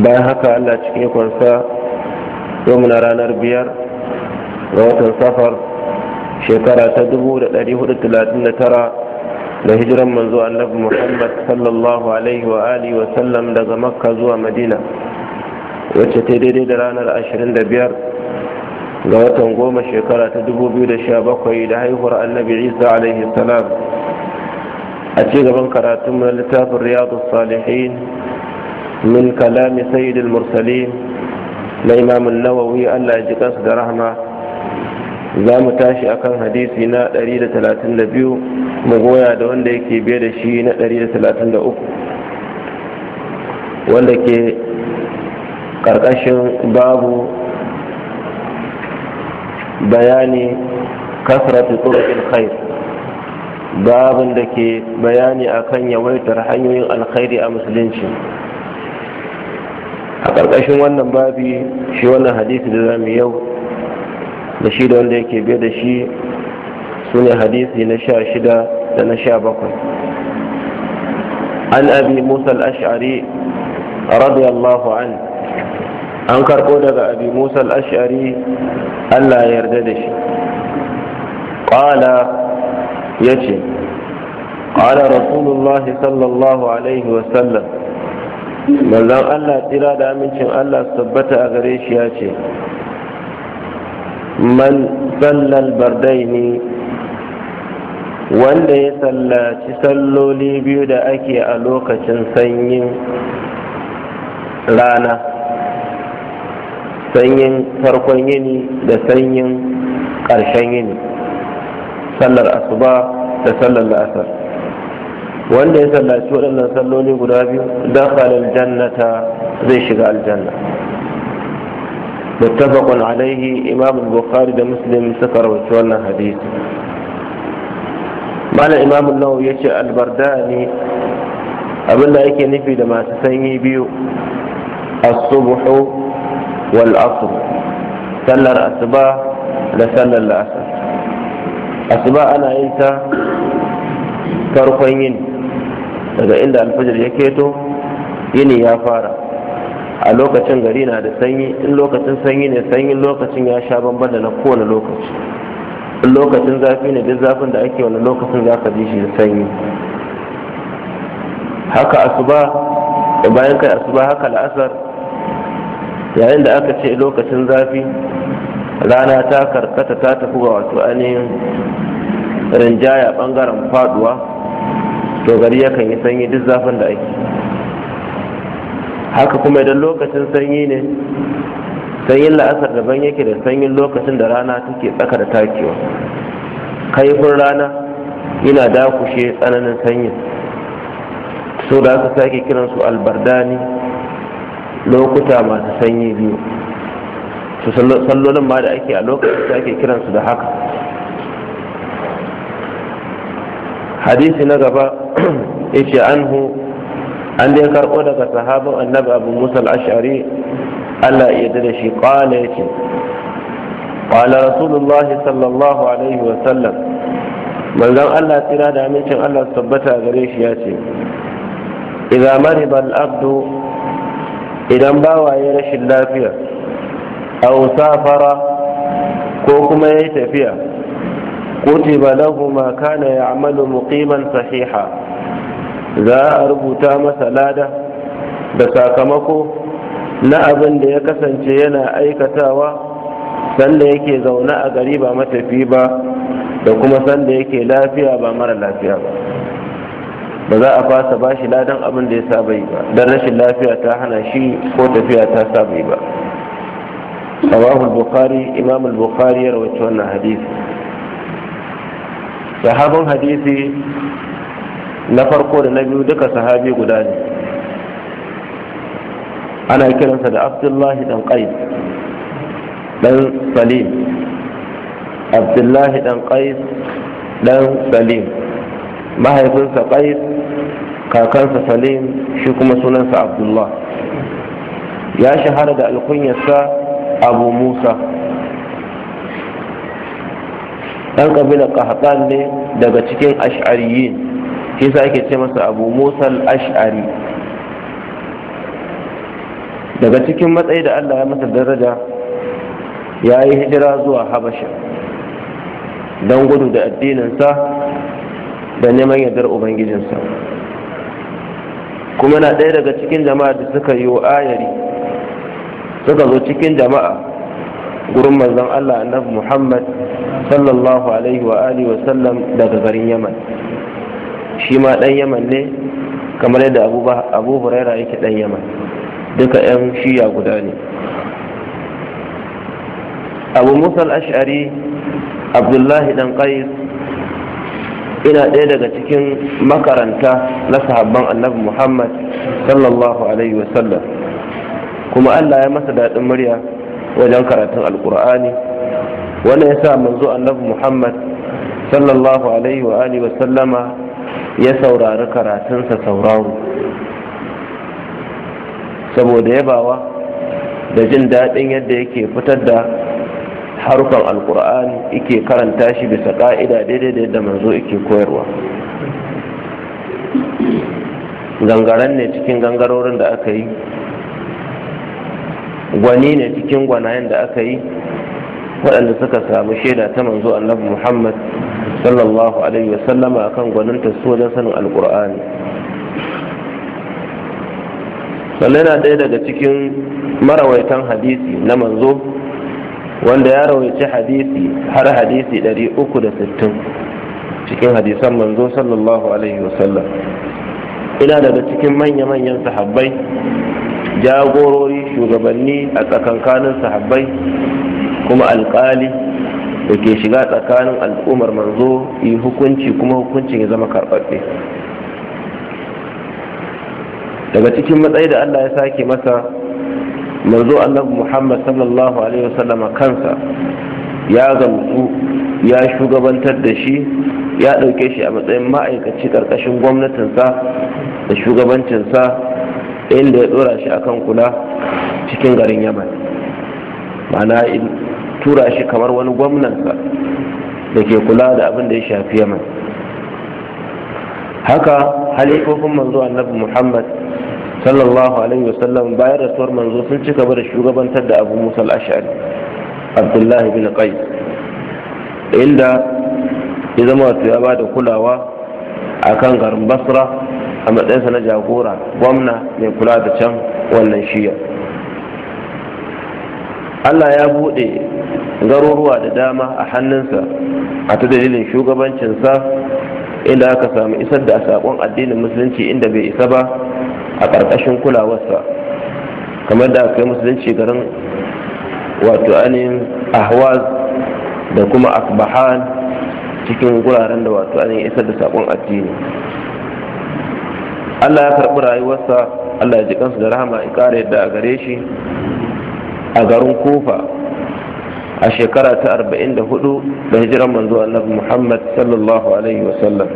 bayan haka allah cikin ikonsa yau muna ranar biyar ga watan safar shekara ta dubu da hudu da da talatin tara hijiran manzo annabi muhammad sallallahu alaihi wa alihi wa sallam daga makka zuwa madina wacce ta daidai da ranar ashirin da biyar? ga watan goma shekara ta dubu biyu da sha bakwai da haihuwar annabi isa alaihi salam a ci gaban karatunmu na littafin riyadu salihin من كلام سيد المرسلين لإمام النووي ألا يجقص درهما زام تاشي أكان حديثنا أريد ثلاثين لبيو مغويا دون ديكي بيد الشيين أريد ثلاثين لأكو وندكي ƙarƙashin babu bayani kasratu turqil khair babin da ke bayani akan yawaitar hanyoyin alkhairi a musulunci a ƙarƙashin wannan babi shi wannan hadisi da zamu yau da shi da wanda yake biye da shi su ne hadisi na sha shida da na sha bakwai an abi musa al-ash'ari radiyallahu an an karɓo daga abi musa al-ash'ari allah ya yarda da shi ƙala ya ce ƙala rasulullahi sallallahu alaihi wasallam manzon Allah tira da amincin Allah su tabbata a gare shi ya ce man sallal ne wanda ya sallaci salloli biyu da ake a lokacin sanyin rana sanyin farkon yini da sanyin ƙarshen yini sallar asuba da sallar la'asar wanda ya sallaci waɗannan salloli guda biyu dakhala jannata zai shiga aljanna muttafaqun alaihi imam bukhari da muslim suka rawaito wannan hadisi malam imam ce albarda ne abinda yake nufi da masu sanyi biyu as-subhu wal asr sallar asuba da sallar asuba ana yin ta farkon yin daga inda alfajir ya keto yini ya fara a lokacin gari na da sanyi in lokacin sanyi ne sanyin lokacin ya sha bamban da na kowane lokaci in lokacin zafi ne duk zafin da ake wani lokacin za ka ji shi da sanyi haka asuba bayan kai asuba haka la'asar yayin da aka ce lokacin zafi rana ta karkata ta tafi ga wato ainihin rinjaya bangaren faduwa to gari yakan yi sanyi duk zafin da ake haka kuma idan lokacin sanyi ne sanyin la'asar daban yake da sanyin lokacin da rana take tsaka da takewa kaifin rana yana dakushe tsananin sanyin so da aka sake kiransu albardani lokuta masu sanyi biyu su sallolin ma da ake a lokacin sake ake kiransu da haka hadisi na gaba yace anhu an dai karɓo daga sahabin annabi abu musa al-ash'ari Allah ya yarda da shi qala yace qala rasulullah sallallahu alaihi wa sallam manzon Allah tsira da amincin Allah tabbata gare shi yace idza marida al-abdu idan bawa ya rashin lafiya aw safara ko kuma ya yi tafiya كتب له ما كان يعمل muqiman sahiha za a rubuta masa lada da sakamako na abin da ya kasance yana aikatawa sanda yake zaune a gari ba matafi ba da kuma sanda yake lafiya ba mara lafiya ba ba za a fasa bashi ladan abin da ya saba yi ba don rashin lafiya ta hana shi ko tafiya ta saba yi ba Bukhari, Imam إمام البخاري رواه wannan hadisi. sahabin hadisi na farko da na biyu duka sahabi guda ne ana kiransa da abdullahi dan qais dan salim abdullahi dan qais dan salim mahaifinsa qais kakansa salim shi kuma sunansa abdullah ya shahara da alkunyarsa abu musa ɗan ƙabilar ƙahatan ne daga cikin ash'ariyin shi sa ake ce masa abu musal ash'ari daga cikin matsayi da allah ya masa daraja ya yi hijira zuwa habasha don gudu da addininsa da neman yardar ubangijinsa kuma na ɗaya daga cikin jama'a da suka yi wa ayari suka zo cikin jama'a gurin manzon allah annabi muhammad sallallahu alaihi wa alihi wa sallam daga garin yaman shi ma dan yaman ne kamar yadda abu huraira yake dan yaman duka yan shiya guda ne abu musa ash'ari abdullahi dan qais ina ɗaya daga cikin makaranta na sahabban annabi muhammad sallallahu alaihi wa sallam kuma allah ya masa daɗin murya wajen karatun alkur'ani wannan yasa manzo annabi Muhammad sallallahu alaihi wa alihi wa sallama ya saurari karatunsa sauraro saboda yabawa da jin daɗin yadda yake fitar da harukan alkur'ani yake karanta shi bisa ƙa'ida daidai da yadda manzo yake koyarwa gangaren ne cikin gangarorin da aka yi gwani ne cikin gwanayen da aka yi waɗanda suka samu shaida ta manzo annabi muhammad sallallahu alaihi wa sallama akan gwaninta su wajen sanin alkur'ani sannan yana ɗaya daga cikin marawaitan hadisi na manzo wanda ya rawaici hadisi har hadisi 360 cikin hadisan manzo sallallahu alaihi wa sallam ina daga cikin manya-manyan sahabbai jagorori shugabanni a tsakankanin sahabbai kuma alkali da ke shiga tsakanin al'ummar manzo yi hukunci kuma hukuncin ya zama karɓaɓɓe daga cikin matsayi da allah ya sake masa manzo annabi muhammad sallallahu alaihi wasallama kansa ya gamsu ya shugabantar da shi ya ɗauke shi a matsayin ma'aikaci ƙarƙashin gwamnatinsa da shugabancinsa inda ya ɗora shi akan kula cikin garin yaman ma'ana tura shi kamar wani gwamnansa da ke kula da abin da ya shafi yaman haka halifofin manzo annabi muhammad sallallahu alaihi wasallam bayan rasuwar manzo sun ci gaba da shugabantar da abu musa al-ash'ari abdullahi bin qais inda ya zama wato ya ba da kulawa akan garin basra a matsayinsa na jagora gwamna mai kula da can wannan shiya allah ya buɗe garuruwa da dama a hannunsa a ta dalilin shugabancinsa inda aka samu isar da saƙon addinin musulunci inda bai isa ba a ƙarƙashin kulawarsa kamar da aka yi musulunci garin wato ainihin ahwaz da kuma akbahan cikin guraren da wato ainihin isar da saƙon addini allah ya karɓi rayuwarsa allah ya ji kansu da rahama in ƙara yadda a gare shi a garin kofa a shekara ta arba'in da da hijiran manzo annabi muhammad sallallahu alaihi wasallam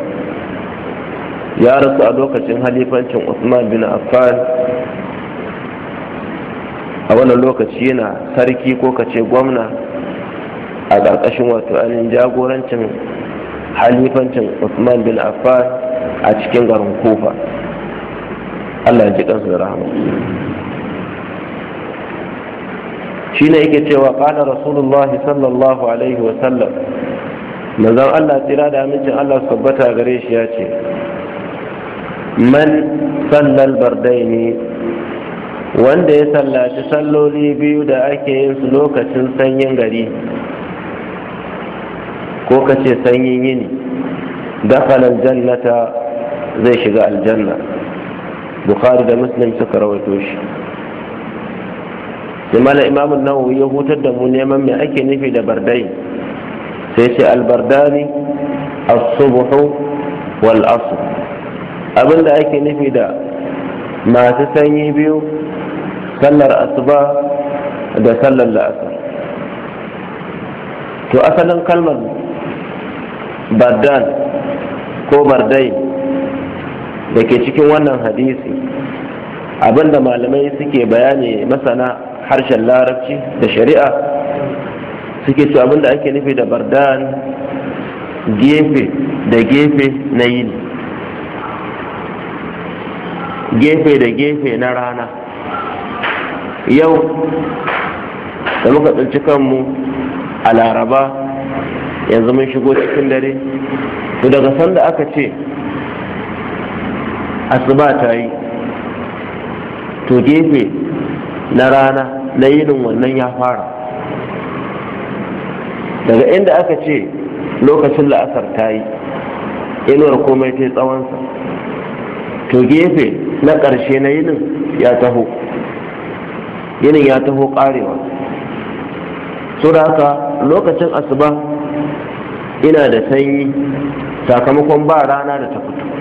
ya rasu a lokacin halifancin usman bin affan a wannan lokaci yana sarki ko kace gwamna a ƙarƙashin wato ainihin jagorancin halifancin usman bin affan a cikin garin kofa. allah ya ji ƙansu da rahama shine yake cewa qala rasulullah sallallahu alaihi wa sallam manzon Allah tsira da amincin Allah su tabbata gare shi ya ce man sallal bardaini wanda ya sallaci salloli biyu da ake yin su lokacin sanyin gari ko kace sanyin yini dakhalal jannata zai shiga aljanna bukhari da muslim suka rawaito shi sai mana imamun nan ya hutar da mu neman mai ake nufi da bardai sai ce albardani as wal asr abinda ake nufi da masu sanyi biyu sallar asuba da sallar la'asar to asalin kalmar bardan ko bardai da ke cikin wannan hadisi abinda malamai suke bayani masana harshen larabci da shari'a suke abin da ake nufi da bardan gefe da gefe na yini gefe da gefe na rana yau da muka tsinci kanmu a laraba yanzu mun shigo cikin dare to daga sanda aka ce asuba ta yi to gefe na rana na yinin wannan ya fara daga inda aka ce lokacin la'asar ta yi inuwar komai ta tsawonsa to gefe na ƙarshe na yinin ya taho yinin ya taho ƙarewa su haka lokacin asuba ina da sanyi sakamakon ba rana da ta fito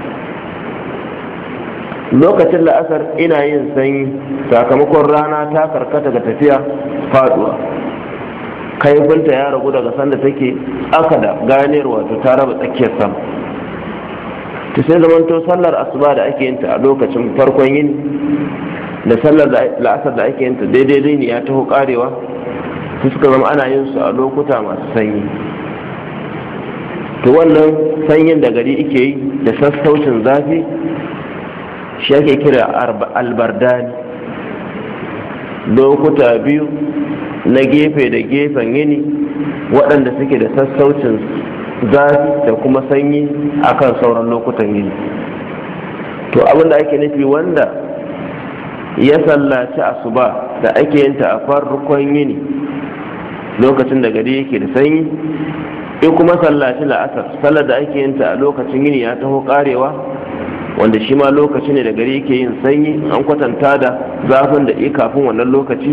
lokacin la'asar ina yin sanyi sakamakon rana ta karkata ga tafiya faduwa kaifinta ya ragu daga sanda take aka da ganiyar wato ta raba tsakiyar sama ta sai zamanto sallar asuba da ake yinta a lokacin farkon yini da sallar la'asar da ake yinta daidai ne ya taho karewa su suka zama ana yin su a lokuta masu sanyi to wannan sanyin da gari ike yi da sassaucin zafi shi ake kira albardani lokuta biyu na gefe da gefen yini waɗanda suke da sassaucin zafi da kuma sanyi akan sauran lokutan yini to abinda ake nufi wanda ya sallaci asuba da ake yinta a farkon yini lokacin da gari yake da sanyi in kuma sallaci la'asar sallar da ake yinta a lokacin yini ya taho karewa wanda shi ma lokaci ne da gari yake yin sanyi an kwatanta da zafin da i kafin wannan lokaci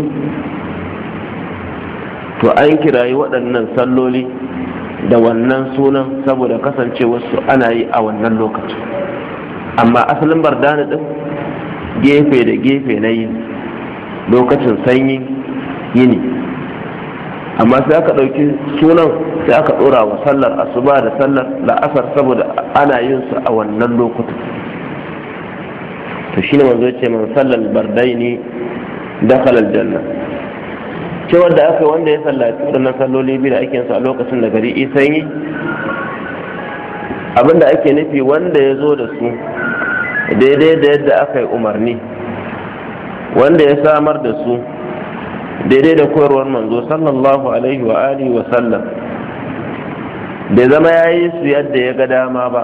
to an kirayi waɗannan salloli da wannan sunan saboda kasancewarsu ana yi a wannan lokaci amma asalin bardana ɗin gefe da gefe na yi lokacin sanyi yini amma sai aka ɗauki sunan sai aka ɗora wa sallar asuba da sallar la'asar saboda ana yin su a wannan lokacin. to shi ne manzo ce man sallal bardaini dakhala aljanna cewar da aka wanda ya sallaci waɗannan salloli biyu da ake yin su a lokacin da gari isan yi abinda ake nufi wanda ya zo da su daidai da yadda aka yi umarni wanda ya samar da su daidai da koyarwar manzo sallallahu alaihi wa alihi wa sallam bai zama ya yi su yadda ya ga dama ba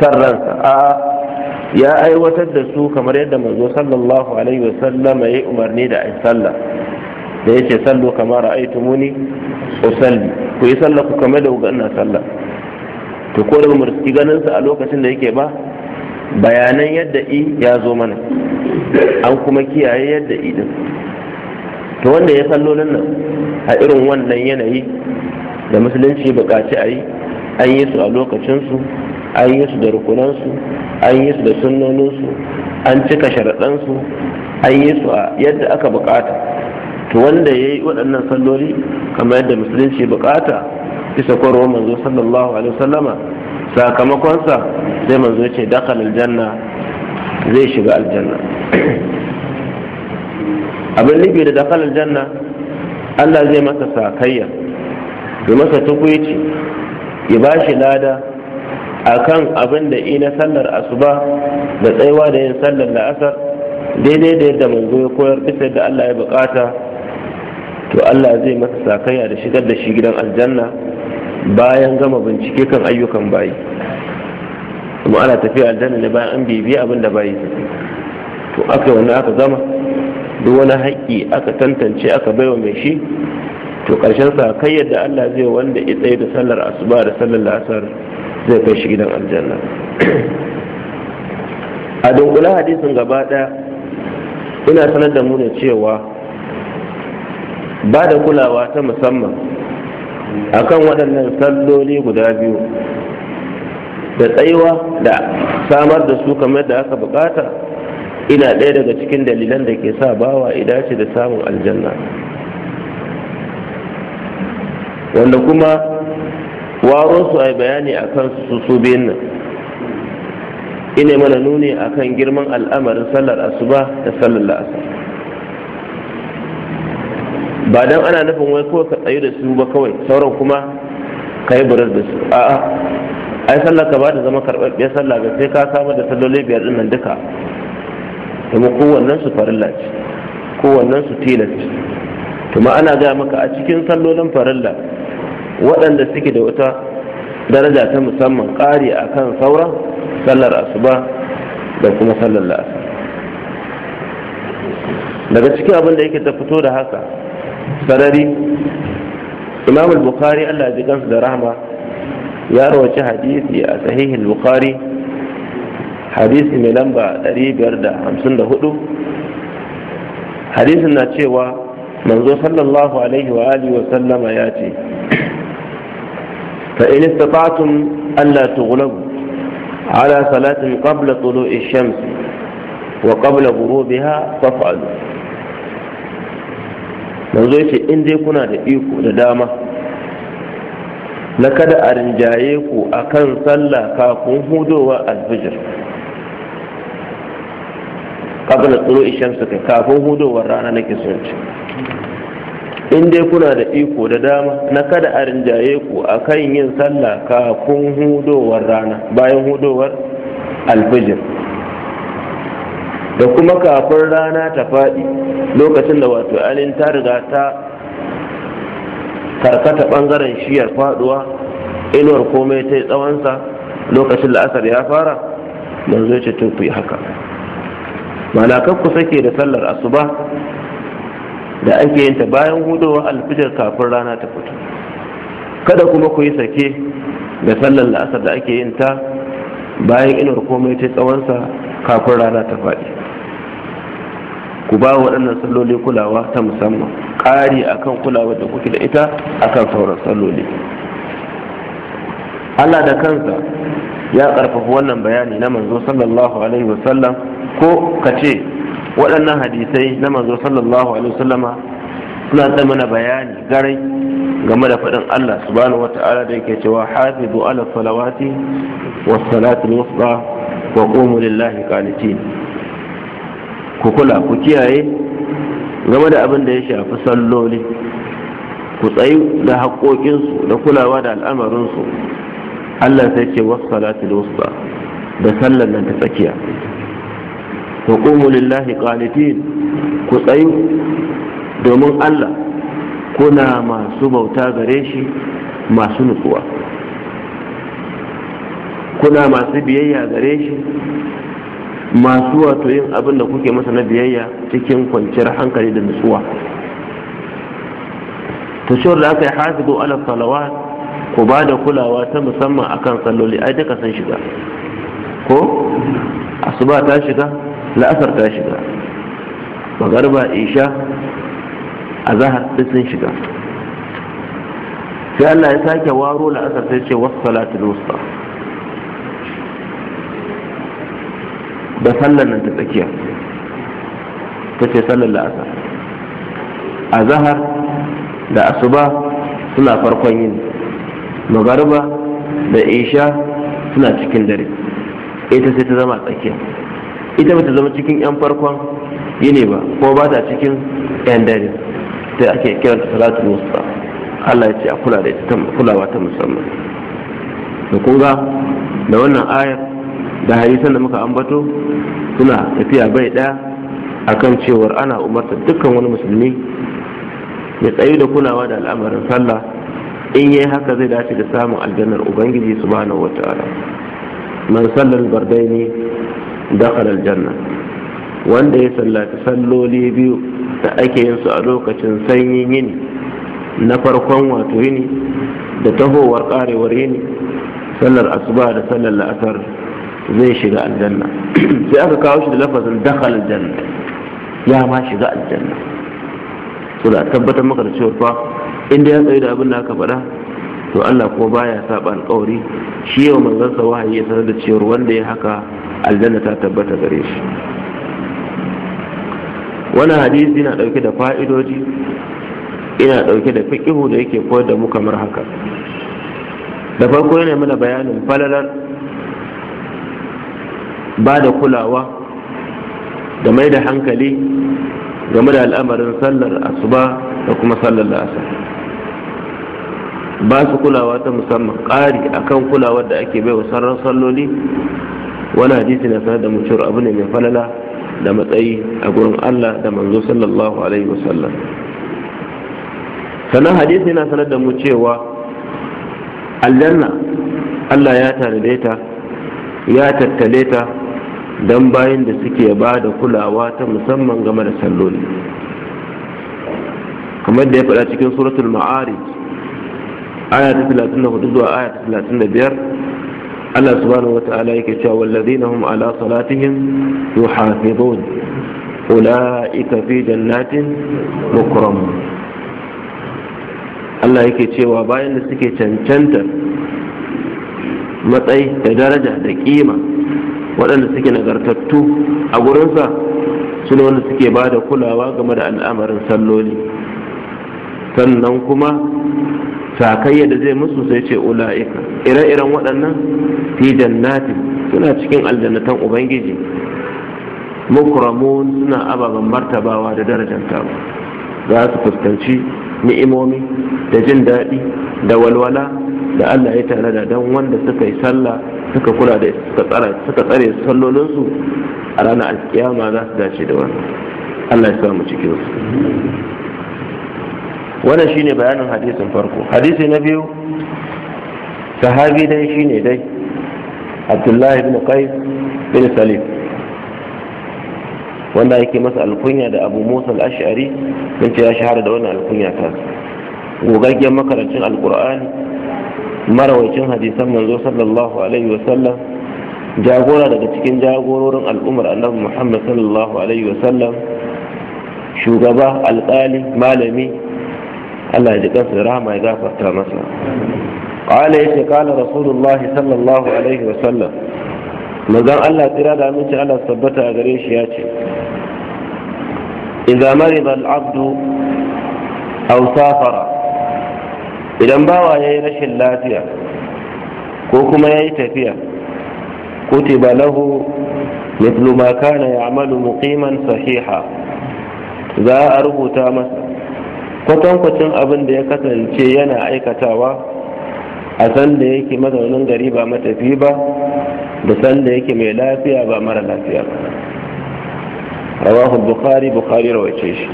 san ransa a ya aiwatar da su kamar yadda manzo sallallahu alaihi wasallam ya umarni da ai sallah da ya ce sallu kamar ra'aytumuni usalli ku yi sallah ku kamar da ga ina sallah to ko da mu riski ganin sa a lokacin da yake ba bayanan yadda i ya zo mana an kuma kiyaye yadda i din to wanda ya sallo nan a irin wannan yanayi da musulunci bukaci a yi an yi su a lokacin su. an yi su da rukunansu an yi su da sunnoninsu an cika sharaɗansu an yi su a yadda aka bukata to wanda ya yi waɗannan salloli kamar yadda musulunci bukata isa kwarwar manzo sallallahu alaihi wasallama sakamakonsa sai manzo ce dakan aljanna zai shiga aljanna abin nufi da dakan aljanna Allah zai masa sakayya ya masa tukuici ya bashi lada akan abin da ina sallar asuba da tsaiwa da yin sallar la'asar daidai da yadda manzo ya koyar bisa da Allah ya bukata to Allah zai masa sakayya da shigar da shi gidan aljanna bayan gama bincike kan ayyukan bayi kuma ana tafiya aljanna ne bayan an bibiya abin da bayi to aka wani aka zama? duk wani haƙƙi aka tantance aka baiwa mai shi to ƙarshen sakayyar da Allah zai wanda ya tsaye da sallar asuba da sallar la'asar zai kai shi gidan aljanna a dunkula hadisin gaba ɗaya ina sanar da mu ne cewa ba da kulawa ta musamman akan waɗannan salloli guda biyu da tsayuwa da samar da su kamar da aka bukata ina ɗaya daga cikin dalilan da ke sa bawa idace da samun aljanna wanda kuma waro su a bayani a kan su su biyun nan ina mana nuni a kan girman al'amarin sallar asuba da sallar la'asar ba don ana nufin wai kawai ka tsayu da su ba kawai sauran kuma ka yi burar da su a'a ai sallar ka ba da zama karɓaɓɓiyar sallah ga sai ka samar da salloli biyar din nan duka kuma kowannen su farilla ce kowannen su tilas ce kuma ana gaya maka a cikin sallolin farilla waɗanda suke da wata daraja ta musamman ƙari a kan sauran sallar asuba da kuma sallar la'asar daga cikin abin da yake ta fito da haka sarari imam bukhari allah ji kansu da rahama ya rawaci hadisi a sahihin bukhari hadisi mai lamba 554 hadisin na cewa manzo sallallahu alaihi wa alihi wa sallama ya ce فإن استطعتم ألا تغلبوا على صلاة قبل طلوع الشمس وقبل غروبها فافعلوا yanzu yace in dai kuna da iko da dama na kada a rinjaye ku a kan sallah kafin hudowa alfijir kabla tsoro ishamsu kai kafin hudowar rana nake son ce in dai kuna da iko da dama na kada a rinjaye ku a kan yin sallah kafin hudowar rana bayan hudowar alfijir da kuma kafin rana ta faɗi lokacin da wato alin ta riga ta karkata ɓangaren shiyar faɗuwa inuwar komai ta yi tsawonsa lokacin la'asar ya fara manzo ce to haka mana ku sake da sallar asuba da ake yin ta bayan hudowa alfijar kafin rana ta fito kada kuma ku yi sake da sallar la'asar da ake yin ta bayan inuwar komai ta tsawonsa kafin rana ta faɗi ku ba waɗannan salloli kulawa ta musamman ƙari akan kulawa da kuke da ita akan sauran salloli Allah da kansa ya ƙarfafa wannan bayani na manzo sallallahu alaihi wasallam ko ka ce waɗannan hadisai na manzo sallallahu alaihi wasallama suna da mana bayani garai game da faɗin Allah subhanahu wata'ala da yake cewa hafizu ala salawati was salati wusta wa qumu lillahi qanitin ku kula ku kiyaye game da abin da ya shafi salloli ku tsayi da haƙoƙinsu da kulawa da al'amarinsu Allah sai ce wasu salatu da da sallar nan ta tsakiya wa qumu lillahi ku tsayu domin Allah kuna masu bauta gare shi masu nutsuwa kuna masu biyayya gare shi masu wato yin abin da kuke masa na biyayya cikin kwanciyar hankali da nutsuwa ta shi da aka yi hasibu ala salawa ku ba da kulawa ta musamman akan salloli ai duka san shiga ko asuba ta shiga la'asar ta shiga magarba isha a zahar sun shiga sai Allah ya sake waro la'asar ta ce wasu salatul wusta da sallar nan ta tsakiya ta ce sallar la'asar a zahar da asuba suna farkon yin magarba da isha suna cikin dare ita sai ta zama tsakiya ita bata zama cikin yan farkon yini ba ko ba ta cikin yan dare da ake kiran ta salatu wusta Allah ya ce a kula da ita kulawa ta musamman da kun da wannan ayar da hadisan da muka ambato suna tafiya bai daya akan cewar ana umartar dukkan wani musulmi ya tsayu da kulawa da al'amarin sallah in yi haka zai dace da samun aljannar ubangiji subhanahu wataala man sallal bardaini Dakar aljanna wanda ya sallaci salloli biyu da ake yin su a lokacin sanyin yini na farkon wato yini da tahowar karewar yini sallar asuba da sallar la'asar zai shiga aljanna sai aka kawo shi da lafazin dakar aljanna ya ma shiga aljanna to da tabbatar maka da cewar fa inda ya tsaye da abin da aka faɗa to Allah ko baya saba alƙawari shi yau manzon sa wahayi ya sanar da cewa wanda ya haka aljanna ta tabbata gare shi wannan hadisi na dauke da fa'idodi, ina dauke da fikihu da yake koyar da mu kamar haka da farko yana mana bayanin falalar ba da kulawa da mai da hankali game da al'amarin sallar asuba da kuma sallar lasa ba su kulawa ta musamman ƙari akan kulawar da ake baiwa sauran salloli wani hadisi na sanar da mu abu ne mai falala da matsayi a gurin Allah da manzo sallallahu alaihi wasallam sannan hadisi na sanar da mu cewa aljanna Allah ya tanade ta ya tattale ta don bayan da suke ba da kulawa ta musamman game da salloli kamar da ya faɗa cikin suratul ma'ari aya ta 34 zuwa aya ta 35 Allah subhanahu ta'ala yake cewa wallazina hum ala salatihim yuhafizun ulaika fi jannatin mukram Allah yake cewa bayan da suke cancanta matsayi da daraja da kima waɗanda suke nagartattu a gurinsa su ne wanda suke ba da kulawa game da al'amarin salloli sannan kuma sakayya da zai musu sai ce ula'ika ire-iren waɗannan fi jannatin suna cikin aljannatan ubangiji mukramun suna ababen martabawa da darajantawa za su fuskanci ni'imomi da jin daɗi da walwala da Allah ya tare da don wanda suka yi sallah suka kula da suka tsare sallolinsu a ranar alkiyama za su dace da wani Allah ya samu cikinsu wannan shine bayanin hadisin farko hadisi na biyu sahabi dai shine dai abdullahi ibn qais bin salim wanda yake masa alkunya da abu musa al-ash'ari mun ce ya shahara da wannan alkunya ta gogaggen makarantun alkur'ani marawacin hadisan manzo sallallahu alaihi wasallam jagora daga cikin jagororin al'ummar annabi muhammad sallallahu alaihi wasallam shugaba alƙali malami Allah ya ji kansa rama ya gafarta masa ya ce qala rasulullah sallallahu alaihi wa sallam Allah tira da aminci Allah tabbata a gare shi ya ce Iza mari abdu aw safara idan bawa yi rashin lafiya ko kuma ya yi tafiya ba lahu mithlu ma kana amalu muqiman sahiha za a rubuta masa kwatankwacin abin da ya kasance yana aikatawa a sanda yake mazaunin gari ba matafi ba da sanda yake mai lafiya ba mara lafiya ba rawahu bukari bukari rawace shi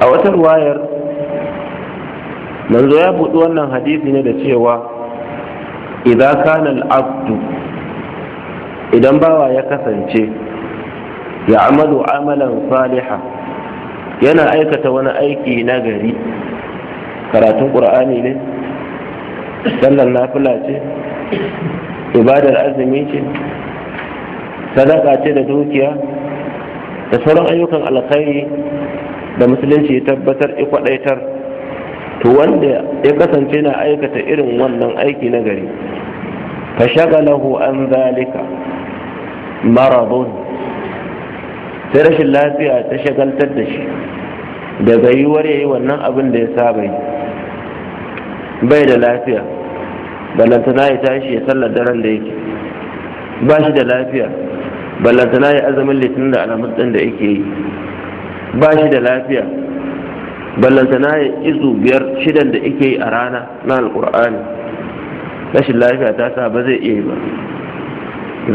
a wata wayar, manzo ya buɗi wannan hadisi ne da cewa idan kana al'abdu idan bawa ya kasance ya amalu amalan salihah yana aikata wani aiki na gari karatun ƙur'ani ne sallar nafila ce ibadar azumi ce sadaka ce da dukiya da sauran ayyukan alkhairi da musulunci tabbatar ya to wanda ya kasance na aikata irin wannan aiki na gari fa shagalahu an zalika maradun sai rashin lafiya ta shagaltar da shi daga yi ya yi wannan abin da ya saba yi bai da lafiya na ya tashi ya sallar daren da yake ba shi da lafiya na ya azumin litinin da alamun da yake yi ba shi da lafiya ballantana ya izu biyar shidan da yake yi a rana na Alƙur'ani. rashin lafiya ta sa ba zai iya yi ba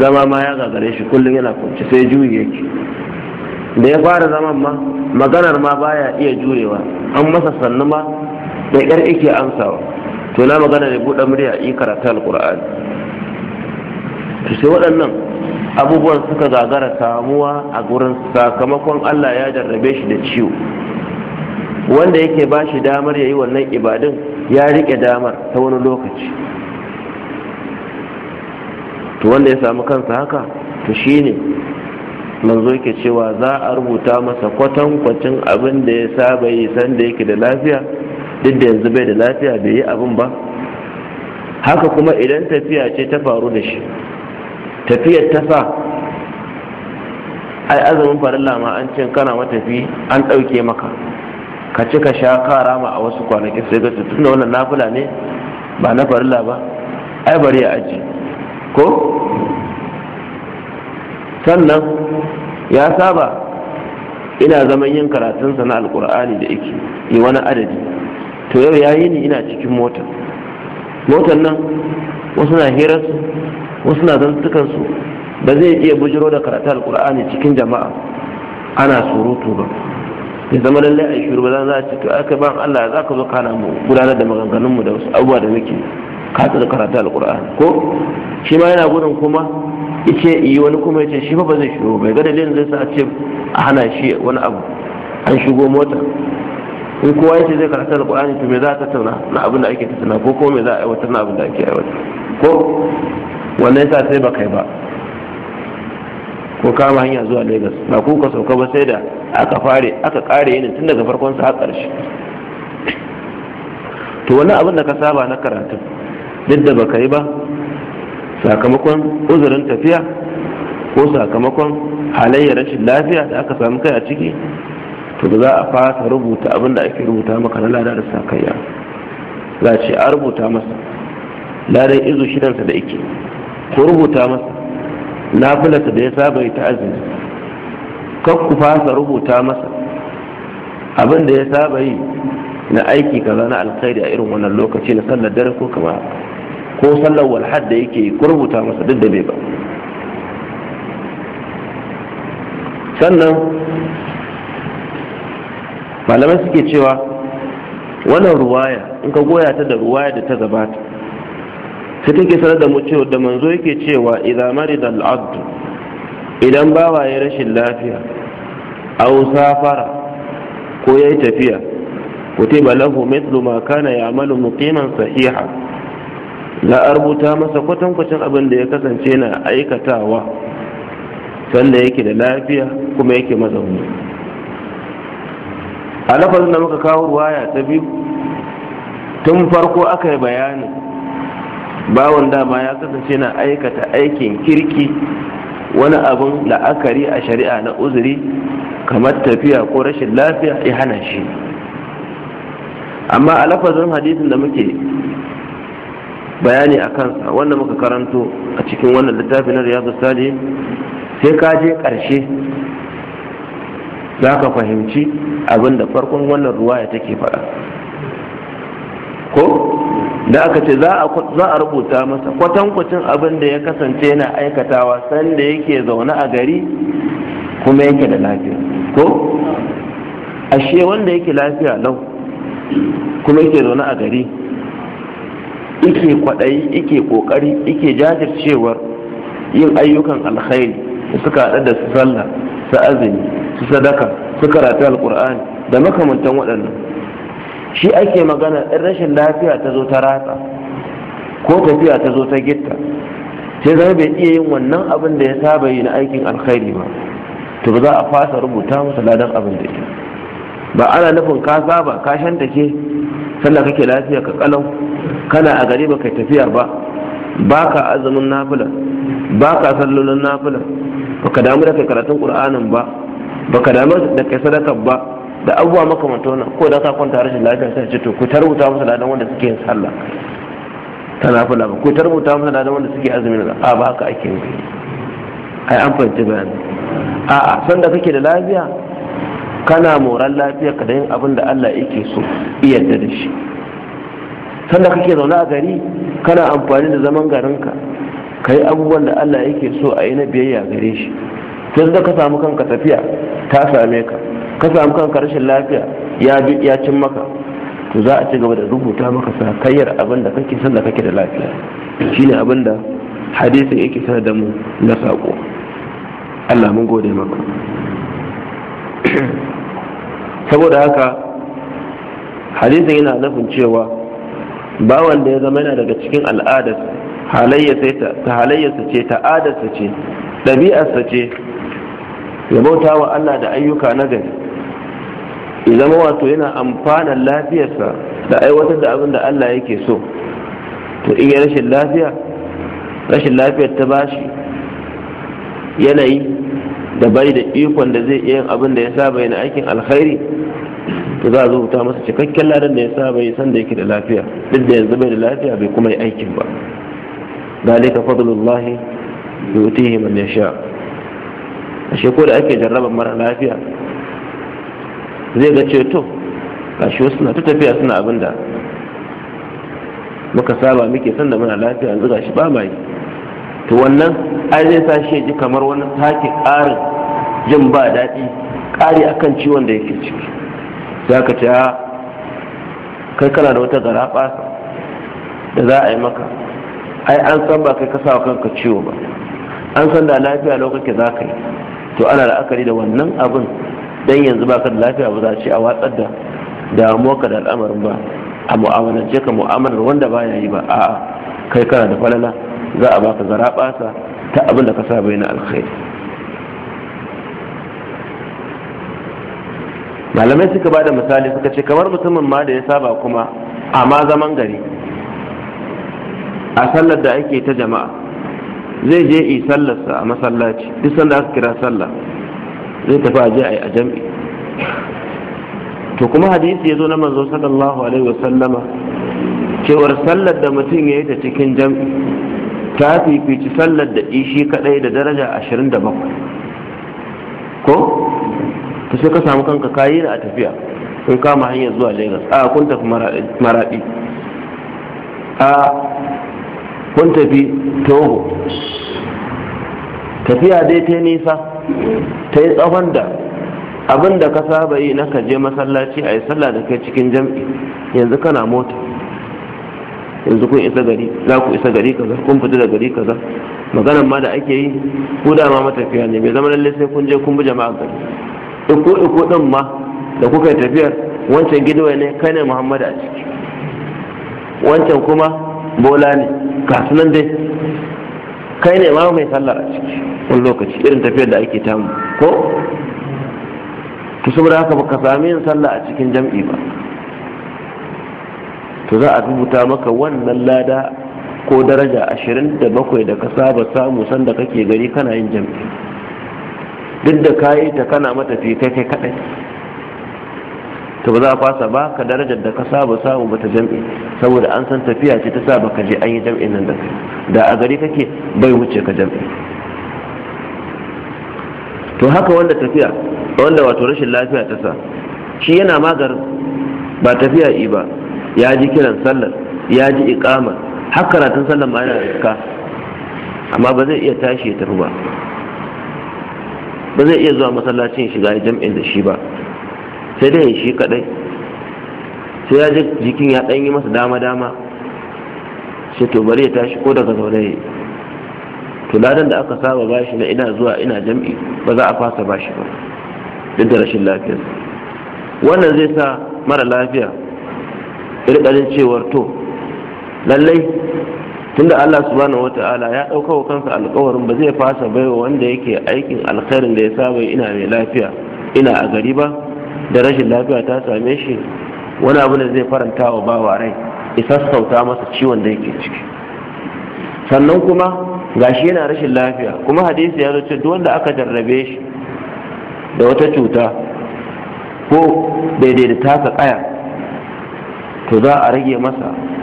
zama ma ya gagare shi kullum yana kwanci sai juyi yake da ya fara zaman ma maganar ma baya iya jurewa an masa sannu ma da ƙyar ike amsawa to na magana ne buɗe murya yi karatu alƙur'ani to sai waɗannan abubuwan suka gagara samuwa a gurin sakamakon allah ya jarrabe shi da ciwo wanda yake ba shi damar ya yi wannan ibadin ya riƙe damar ta wani lokaci to wanda ya samu kansa haka to shine manzo yake cewa za a rubuta masa kwatankwacin abin da ya saba yi sanda yake da lafiya duk da yanzu bai da lafiya bai yi abin ba haka kuma idan tafiya ce ta faru da shi tafiyar ta sa ai azumin farilla ma an ce kana matafi an ɗauke maka ka ci ka sha kara ma a wasu kwanaki sai ga tun da wannan nafila ne ba na farilla ba ai bari ya aji ko sannan ya saba ina zaman yin karatunsa na alkur'ani da yake yi wani adadi to yau ya yi ni ina cikin mota motar nan wasu na hirarsu wasu na zantukansu ba zai iya bujiro da karatun alkur'ani cikin jama'a ana surutu ba ya zama lallai a shiru ba za a ciki aka ban allah za ka zo kana mu gudanar da maganganunmu da wasu abubuwa da muke kasar karatun alkur'ani ko shi ma yana gudun kuma ce yi wani kuma ce shi fa ba zai shigo bai ga dalilin zai sa a ce a hana shi wani abu an shigo mota in kowa ce zai karanta alqur'ani to me za ta tauna na abin da ake tattauna ko kuma me za a aiwatar na abin da ake aiwatar ko wannan yasa sai ba kai ba ko kama hanya zuwa Legas ba ku ka sauka ba sai da aka fare aka kare yini tun daga farkon sa har karshe to wannan abin da ka saba na karatu duk da ba yi ba sakamakon uzurin tafiya ko sakamakon halayyar rashin lafiya da aka samu kai a ciki to da za a fasa rubuta abin da ake rubuta maka na lada da sakayya za a ce a rubuta masa ladan izu shidansa da ike ko rubuta masa na fulata da ya saba ta azumi kan ku fasa rubuta masa abin da ya saba yi na aiki kaza na alkhairi a irin wannan lokaci na sallar dare ko kamar haka ko sallar walhad da yake ko masa duk da ba sannan malamai suke cewa wannan ruwaya in ka goya ta da ruwaya da ta gabata sai take sanar da mu cewa da manzo yake cewa idza marida al idan bawa ya rashin lafiya aw safara ko yayi tafiya kutiba lahu mithlu ma kana ya'malu muqiman sahiha na arbuta masa kwatankwacin abin da ya kasance na aikatawa sanda yake da lafiya kuma yake mazauni a lafazin da muka kawo ruwaya ta biyu tun farko aka yi bayani bawon dama ya kasance na aikata aikin kirki wani abin la'akari a shari'a na uzuri kamar tafiya ko rashin lafiya ya hana shi amma a lafazin hadisin da muke bayani a kansa wanda muka karanto a cikin wannan littafi na riyadu salihin sai ka je ƙarshe za ka fahimci abinda farkon wannan ruwa ruwaya take faɗa ko da aka ce za a rubuta masa kwatankwacin abinda ya kasance yana aikatawa sanda yake zaune a gari kuma yake da lafiya ko ashe wanda yake lafiya lau kuma yake zaune a gari ike kwaɗayi ike ƙoƙari ike jajircewar yin ayyukan alkhairi da suka haɗa da su sallah su azumi su sadaka su karatu alƙur'ani da makamantan waɗannan shi ake magana in rashin lafiya ta zo ta ratsa ko tafiya ta zo ta gitta sai zama bai iya yin wannan abin da ya saba yi na aikin alkhairi ba to ba za a fasa rubuta masa ladan abin da ke ba ana nufin ka saba ka shanta ke sallah kake lafiya ka kalau kana a gari baka tafiya ba baka azumin nafila baka sallolin nafila baka damu da kai karatun qur'anin ba baka damu da kai sadaka ba da abubuwa makamanta wannan ko da ka kwanta rashin lafiya sai ce to ku tarbuta musu ladan wanda suke yin sallah ta nafila ba ku tarbuta musu ladan wanda suke azumin a ba haka ake yi ai an fahimci bayani a'a sanda kake da lafiya kana moran lafiya ka da yin abin da Allah yake so iyadda da shi sanda kake zaune a gari kana amfani da zaman garinka ka yi abubuwan da allah yake so a yi na biyayya gare shi to da ka samu kanka tafiya ta same ka ka samu kanka rashin lafiya ya cin maka to za a ci gaba da rubuta maka sakayyar abin da kake sanda kake da lafiya shine abin da hadisi yake sanar da mu na saƙo allah mun gode maka saboda haka hadisin yana nufin cewa bawan da ya zama yana daga cikin al'adar halayyarsa ce ta'adarsa ce ɗabi'arsa ce ya bauta wa Allah da ayyuka na gari ya zama wato yana amfana lafiyarsa da aiwatar da abin da Allah yake so to iya rashin lafiya rashin lafiyar ta bashi yanayi da bai da ikon da zai iya yin abin da ya saba yana aikin alkhairi to za a rubuta masa cikakken ladan da ya sa bai san sanda yake da lafiya duk da yanzu bai da lafiya bai kuma yi aikin ba dalika fadlullahi yutihi man yasha ashe ko da ake jarraba mara lafiya zai ga ce to gashi wasu na ta tafiya suna abin da muka saba muke da muna lafiya yanzu gashi ba mai to wannan ai zai sa shi ji kamar wani take ƙarin jin ba daɗi ƙari akan ciwon da yake ciki za ce a ah, kai kana da wata gara da za a yi maka ai an san ba kai ka kanka ciwo ba an san da lafiya lokacin za ka yi to ana la'akari da wannan abin dan yanzu ba ka da lafiya ba za a ce a watsar da damuwa ka da al'amarin ba a mu'amalance ka mu'amalar wanda ba ya yi ba a'a kai kana da falala za a baka zara ta abin da ka sa bai na alkhairi malamai suka ba da misali suka ce kamar mutumin ma da ya saba kuma a ma zaman gari a sallar da ake ta jama'a zai je yi sallarsa a masallaci duk sanda aka kira sallah zai tafi a je a yi a jam'i to kuma hadisi ya zo na manzo sallallahu alaihi wa sallama cewar sallar da mutum ya yi ta cikin jam'i ta fifici sallar da ishi kadai da daraja 27 ko ta sai ka samu kanka kayi ni a tafiya kun kama hanyar zuwa lagos a kun tafi maraɗi a kun tafi togo tafiya dai ta nisa ta yi tsawon da abin da ka saba yi na kaje masallaci a yi sallah da kai cikin jam'i yanzu kana mota yanzu kun isa gari za ku isa gari kaza kun fita da gari kaza maganan ma da ake yi ku dama matafiya ne bai zama lallai sai kun je kun bi jama'a gari iko iko din ma da kuka tafiyar wancan gidowa ne kai ne Muhammad a ciki wancan kuma bola ne kasunan dai kai ne ma mai sallar a ciki wani lokaci irin tafiyar da ake tamu ko to saboda haka baka sami yin sallah a cikin jam'i ba to za a rubuta maka wannan lada ko daraja ashirin da bakwai da ka saba samu sanda kake gari kana yin jam'i duk da ka yi ta kana mata fi kai kai kadai to ba za a fasa ba ka darajar da ka saba samu bata jam'i saboda an san tafiya ce ta saba ka je an yi jam'i nan da kai da a gari kake bai wuce ka jam'i to haka wanda tafiya wanda wato rashin lafiya ta sa shi yana magar ba tafiya yi ba ya ji kiran sallar ya ji ikama har karatun sallar ma yana amma ba zai iya tashi ya tafi ba ba zai iya zuwa masallacin shiga jam'in da shi ba sai dai shi kadai sai ya ji jikin ya ɗan masa dama-dama sai to bari ya tashi ko daga zaune to ladan da aka saba bashi na ina zuwa ina jam'i ba za a fasa bashi ba duk da rashin lafiyar wannan zai sa mara lafiya irkarin cewar to lallai tunda Allah subhanahu wata'ala ya ɗauka wa kansa alkawarin ba zai fasa baiwa wanda yake aikin alkhairin da ya saba ina mai lafiya ina a gari ba da rashin lafiya ta same shi wani abu da zai faranta wa bawa rai isassauta masa ciwon da yake ciki sannan kuma gashi yana rashin lafiya kuma hadisi ya zace duk wanda aka jarrabe shi da wata cuta ko daidai da tasa kaya to za a rage masa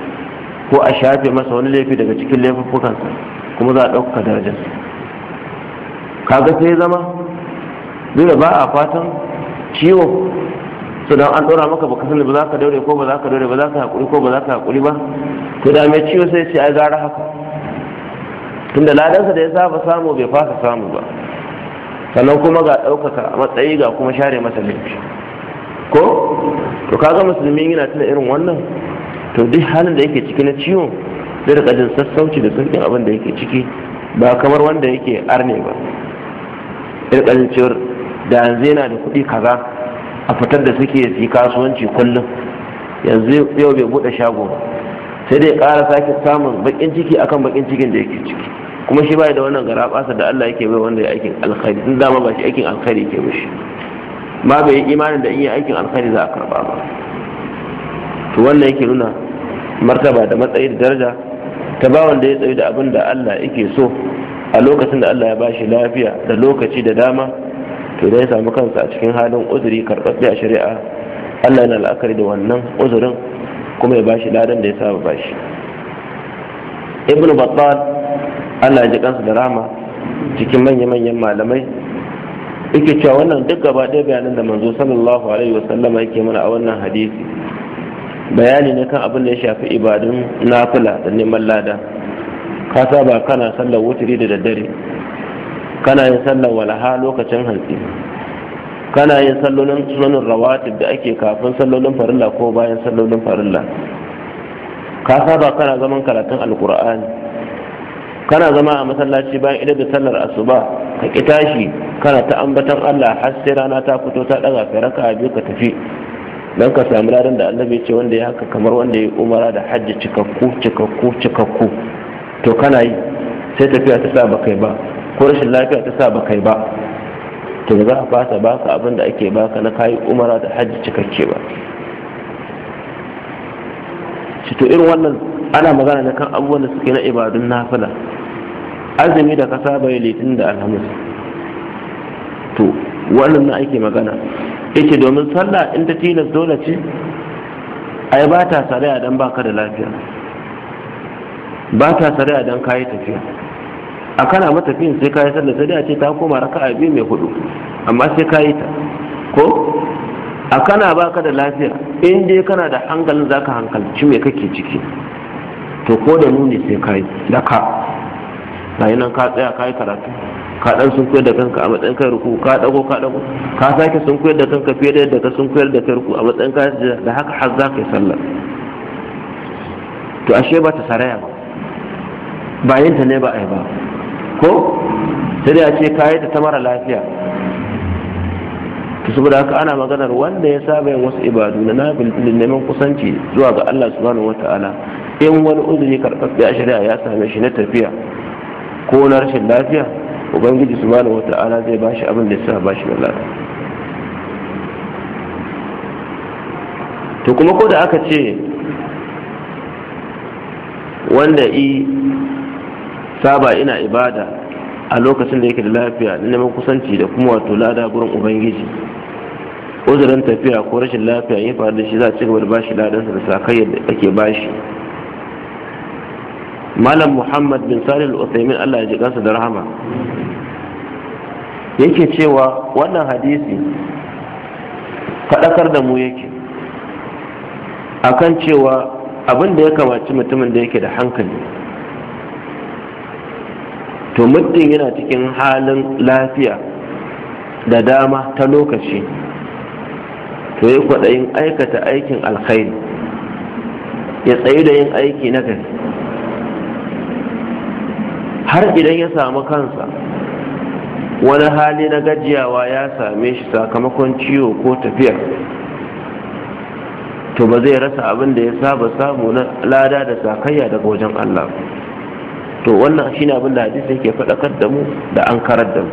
ko a shafe masa wani laifi daga cikin laifuffukansa kuma za a ɗauka darajar kaga sai zama dole ba a fatan ciwo su don an ɗora maka baka sani ba za ka daure ko ba za ka daure ba za ka haƙuri ko ba za ka haƙuri ba to da mai ciwo sai ce ai gara haka tunda ladansa da ya saba samu bai fasa samu ba sannan kuma ga ɗaukaka matsayi ga kuma share masa laifi ko to kaga musulmi yana tuna irin wannan to duk halin da yake ciki na ciwo zai rika jin sassauci da sauƙin abin da yake ciki ba kamar wanda yake arne ba rika jin cewar da yanzu yana da kuɗi kaza a fitar da suke yi kasuwanci kullum yanzu yau bai buɗe shago ba sai dai ƙara sake samun baƙin ciki akan baƙin cikin da yake ciki kuma shi bai da wannan garaɓasa da Allah yake bai wanda ya aikin alkhairi tun dama ba shi aikin alkhairi ke ba ma bai yi imanin da in yi aikin alkhairi za a karɓa ba to wannan yake nuna martaba da matsayi da daraja ta ba wanda ya tsayi da abin da Allah yake so a lokacin da Allah ya ba shi lafiya da lokaci da dama to idan ya samu kansa a cikin halin uzuri karɓaɓɓe a shari'a Allah yana la'akari da wannan uzurin kuma ya bashi ladan da ya saba bashi ibn battal Allah ya ji kansa da rama cikin manya-manyan malamai yake cewa wannan duk gaba ɗaya bayanan da manzo sallallahu alaihi wasallama yake mana a wannan hadisi bayani ne kan abin da ya shafi ibadun nafila da neman lada ka saba kana sallar wuturi da daddare kana yin sallar walaha lokacin hantsi kana yin sallolin sunanin rawatib da ake kafin sallolin farilla ko bayan sallolin farilla ka saba kana zaman karatun alkur'ani kana zama a masallaci bayan idan da sallar asuba ka ki tashi kana ta ambatan Allah har sai rana ta fito ta daga ka raka biyu ka tafi don ka sami ladan da annabi ce wanda ya haka kamar wanda ya umara da hajji cikakku cikakku cikakku to kana yi sai tafiya ta sa ba ba ko rashin lafiya ta sa ba ba to ba za a fasa baka abin da ake baka na kayi umara da hajji cikakke ba shi to irin wannan ana magana na kan abubuwan da suke na ibadun nafila azumi da kasa bai litin da alhamis to wannan na ake magana yace domin sallah in ta tilas dole ce ai ba ta a dan baka da lafiya ba ta a dan kayi tafiya a kana matafiyin sai kayi sallah sai dai a ce ta koma raka'a biyu mai hudu amma sai kayi ta ko a kana baka da lafiya in dai kana da hankalin zaka hankalci me kake ciki to ko da nuni sai kayi da ka nan ka tsaya kayi karatu ka dan sun koyar da kanka a matsayin kai ruku ka dago ka dago ka sake sun koyar da kanka fiye da yadda ka sun koyar da kai ruku a matsayin ka da haka har za ka yi sallah to ashe ba ta saraya ba yin ta ne ba a yi ba ko sai dai a ce kayi ta mara lafiya to saboda haka ana maganar wanda ya saba yin wasu ibadu na nafilin neman kusanci zuwa ga Allah subhanahu wataala in wani uzuri karɓaɓɓe a shari'a ya same shi na tafiya ko na rashin lafiya ubangiji subhanahu wata'ala zai shi abin da sa bashi shi lafiya to kuma ko da aka ce wanda i saba ina ibada a lokacin da yake da lafiya na neman kusanci da kuma wato lada gurin ubangiji uzurin tafiya ko rashin lafiya ya faru da shi za a cigaba gaba da bashi ladansa da sakayyar yadda ake bashi malam muhammad bin salih al-uthaymin allah ya ji kansa da rahama yake cewa wannan hadisi faɗakar da mu yake akan cewa abin da ya kamaci mutumin da yake da hankali to muddin yana cikin halin lafiya da dama ta lokaci to ya kwaɗayin aikata aikin alkhairi ya tsayi da yin aiki na gari har idan ya samu kansa wani hali na gajiyawa ya same shi sakamakon ciwo ko tafiya to ba zai rasa abin da ya saba samu na lada da sakayya daga wajen Allah to wannan shine abin da hadisi yake faɗakar da mu da an karar da mu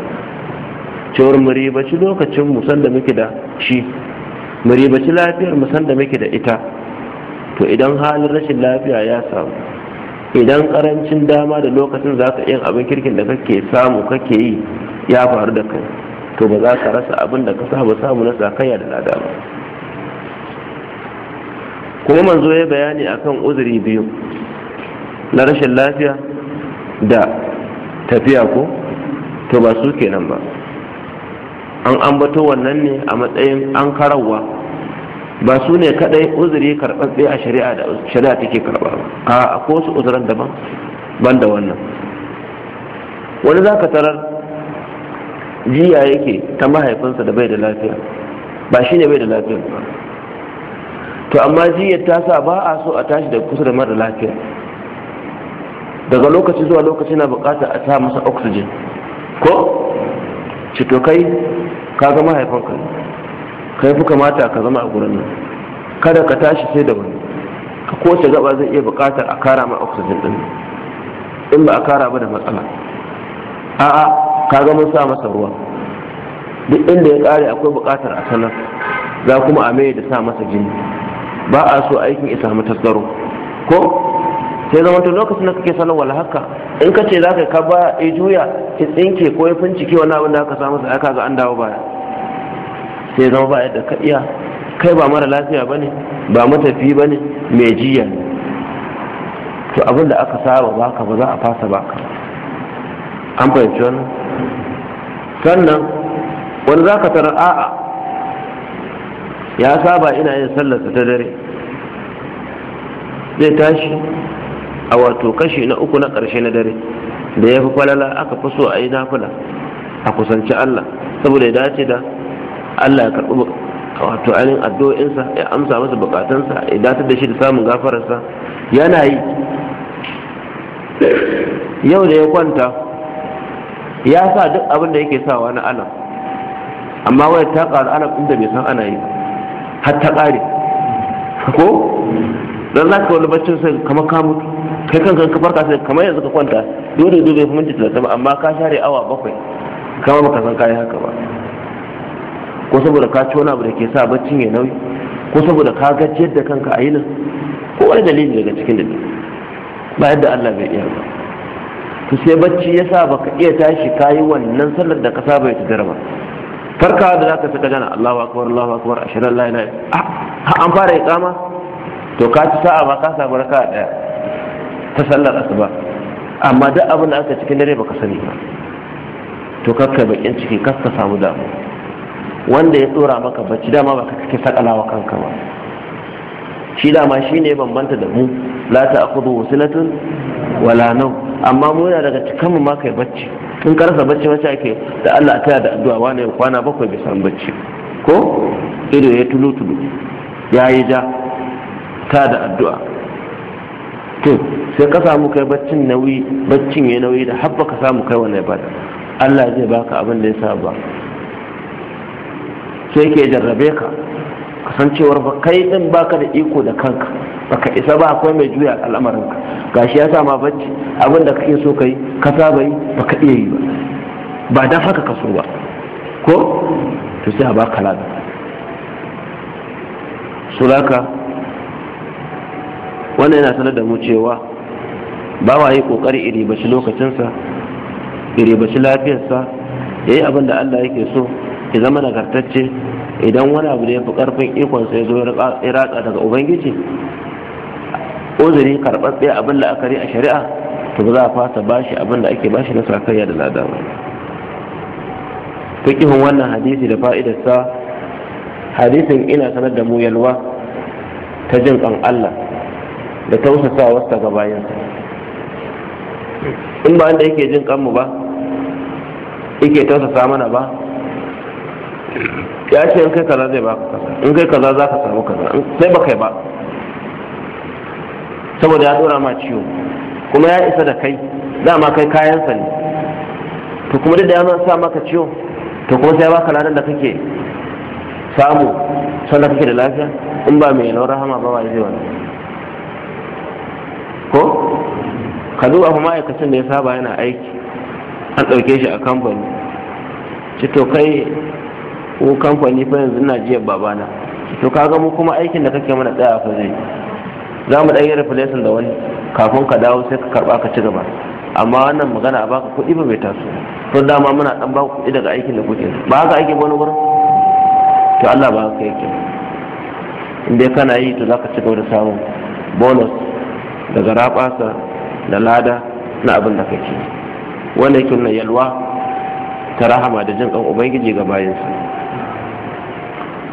cewar mu ribaci lokacin mu sanda da muke da shi mu ribaci lafiyar mu sanda da muke da ita to idan halin rashin lafiya ya samu idan karancin dama da lokacin za ka yin abin kirkin da kake samu kake yi ya faru da kai to ba za ka rasa abin da ka saba samu na sakayya da lada ba kuma manzo ya bayani akan uzuri biyu na rashin lafiya da tafiya ko to ba su kenan ba an ambato wannan ne a matsayin an karawa ba su ne kadai uzuri karɓaɓɓe a shari'a da shari'a take karɓa ba a ko su uzuran daban ban da wannan wani za ka tarar jiya yake ta mahaifinsa da bai da lafiya ba shi ne bai da lafiya to amma jiya ta sa ba a so a tashi da kusa da mara lafiya daga lokaci zuwa lokaci na bukata a sa masa oxygen ko cito kai ka ga mahaifinka kai fi kamata ka zama a gurin nan kada ka tashi sai da wani ka kowace gaba zai iya bukatar a kara ma oxygen din in ba a kara ba da matsala a'a kaga mun sa masa ruwa duk inda ya kare akwai buƙatar a sanar za kuma a mai da sa masa jini ba a so aikin ya samu tasgaro ko sai zama to lokacin da kake sanar wala haka in ka ce za ka ka ba ya juya ki tsinke ko ya fincike wani abin da aka samu sai aka ga an dawo baya sai zama ba yadda ka iya kai ba mara lafiya bane ba matafi bane mai jiya to abin da aka saba baka ba za a fasa baka an fahimci wannan sannan wani za ka tara a'a ya saba ina yin sallarsa ta dare zai tashi a wato kashi na uku na ƙarshe na dare da ya fi falala aka fi so a yi nafula a kusanci Allah saboda ya dace da Allah ya karɓi wato ainihin addu'o'insa ya amsa masa bukatunsa ya datar da shi da samun gafararsa yana yi yau da ya kwanta ya sa duk abin da yake sa wani alam amma wani ta ƙaru alam inda bai san ana yi har ta ƙare ko don za ka wani baccin sai kamar ka mutu kai kan ka farka sai kamar yanzu ka kwanta dole dole ya fi minti talatin amma ka share awa bakwai kama baka san kayan haka ba ko saboda ka ci wani abu da ke sa baccin ya nauyi ko saboda ka gajiyar da kanka a yinin ko wani dalili daga cikin da ba yadda Allah bai iya ba to sai bacci ya sa baka iya tashi kayi wannan sallar da ka saba ya tadara ba farkawa da zaka saka jana Allahu akbar Allahu akbar ashhadu an la ilaha ah, ha an fara iqama to ka ci sa'a ba ka samu raka daya ta sallar asuba amma duk abin da aka cikin dare baka sani ba to kakka bakin ciki kakka samu damu wanda ya tsora maka bacci dama ba kake sakalawa kanka ba shi dama shine bambanta da mu la ta'khudhu sinatun wala nawm amma mu yana daga cikin mu ma kai bacci in ka rasa bacci wacce ake da Allah ta da addu'a wani kwana bakwai bai samu bacci ko ido ya tulu tulu ya yi ja ta da addu'a to sai ka samu kai baccin nauyi baccin ya nauyi da habba ka samu kai wannan ibada Allah zai baka abin da ya saba sai ke jarrabe ka kasancewar ba kai din baka da iko da kanka baka isa ba akwai mai juya al'amarin ka gashi ya sa ma bacci abin da kake so kai ka saba yi baka iya yi ba ba da haka ka so ba ko to sai a ka lada sulaka wannan yana sanar da mu cewa ba wa yi kokari iribaci lokacinsa iribaci lafiyarsa ya yi abin da Allah yake so ya zama nagartacce idan wani abu da ya fi karfin ikon sai zo ya ratsa daga ubangiji uzuri karɓaɓɓe abin la'akari a shari'a to ba za a fasa bashi abin da ake bashi na sakayya da ladan ba fikihun wannan hadisi da fa'idarsa hadisin ina sanar da mu yalwa ta jin kan Allah da tausasa wasta ga bayansa in ba da yake jin kanmu ba yake tausasa mana ba ya ce in kai kaza zai baka kaza in kai kaza za ka samu kaza sai ba kai ba saboda ya dora ma ciwo kuma ya isa da kai dama kai kayansa ne to kuma duk da ya sa maka ciwo to kuma sai baka ladan da kake samu sannan kake da lafiya in ba mai lauran hama ba wai zai wani ko ka duba abu ma'aikacin da ya saba yana aiki an ɗauke shi a kamfani ci to kai ko kamfani fa yanzu ina jiya babana to ga mu kuma aikin da kake mana tsaya fa zai za mu ɗan yi da wani kafin ka dawo sai ka karba ka ci gaba amma wannan magana a baka kuɗi ba bai taso to dama muna ɗan baka kuɗi daga aikin da kuke ba haka aikin wani gurin to Allah ba haka yake in dai kana yi to zaka ci gaba da samun bonus daga rabasa da lada na abin da kake wanda yake nuna yalwa ta rahama da jin kan ubangiji ga bayansa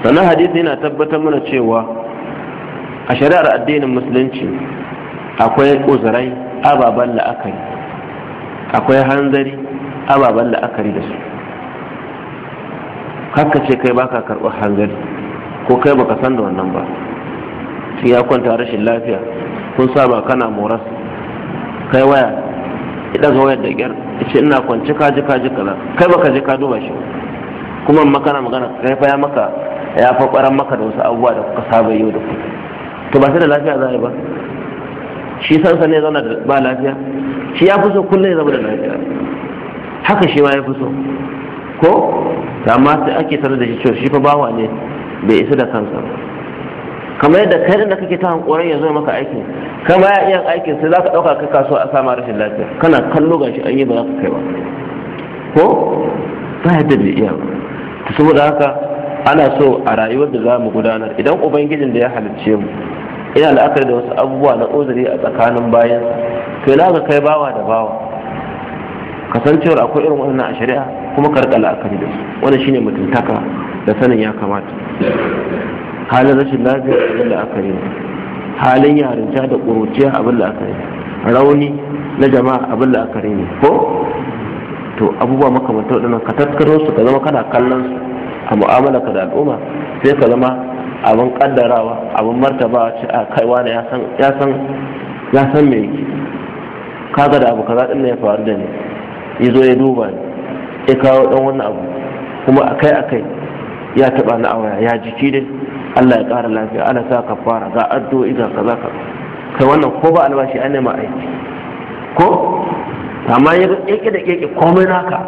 sannan hadisi yana tabbatar mana cewa a shari'ar addinin musulunci akwai uzurai ababen la'akari akwai hanzari ababen la'akari da su haka ce kai baka karɓar hanzari ko kai baka san da wannan ba shi ya kwanta rashin lafiya kun saba kana moras kai waya idan ga wayar da kyar ce ina kwanci ka ji ka ji kaza kai baka je ka duba shi kuma makana magana kai fa ya maka ya fa kwaran maka da wasu abubuwa da kuka saba yau da kullum to ba sai da lafiya za a yi ba shi sansa ya zauna da ba lafiya shi ya fi so kullum ya zama da lafiya haka shi ma ya fi so ko amma sai ake sanar da shi cewa shi fa bawa ne bai isa da kansa ba kamar yadda kai da kake ta hankoran ya zo maka aikin kama ya iya aikin sai za ka ɗauka kai kasuwa a sama rashin lafiya kana kallo shi an yi ba za ka kai ba ko ba yadda bai iya ba saboda haka ana so a rayuwar da za mu gudanar idan ubangijin da ya halicce mu ina la'akari da wasu abubuwa na uzuri a tsakanin bayan to ina ga kai bawa da bawa kasancewar akwai irin wannan a shari'a kuma karka la'akari da su wani shine mutuntaka da sanin ya kamata halin rashin lafiya abin la'akari ne halin yarinta da ƙuruciya abin la'akari ne rauni na jama'a abin la'akari ne ko to abubuwa makamantar waɗannan ka tattaro su ka zama kana kallon su a mu'amala ka da al'umma sai ka zama abin kaddarawa abin martabawa ce a kaiwa da ya san ya san me yake kaga da abu kaza din ya faru da ni ya zo ya duba ni ya kawo dan wannan abu kuma akai akai ya taba na awaya ya jiki dai Allah ya ƙara lafiya ana sa ka fara ga addu'o'i ga kaza ka kai wannan ko ba albashi an nema aiki ko amma ya kike da kike komai naka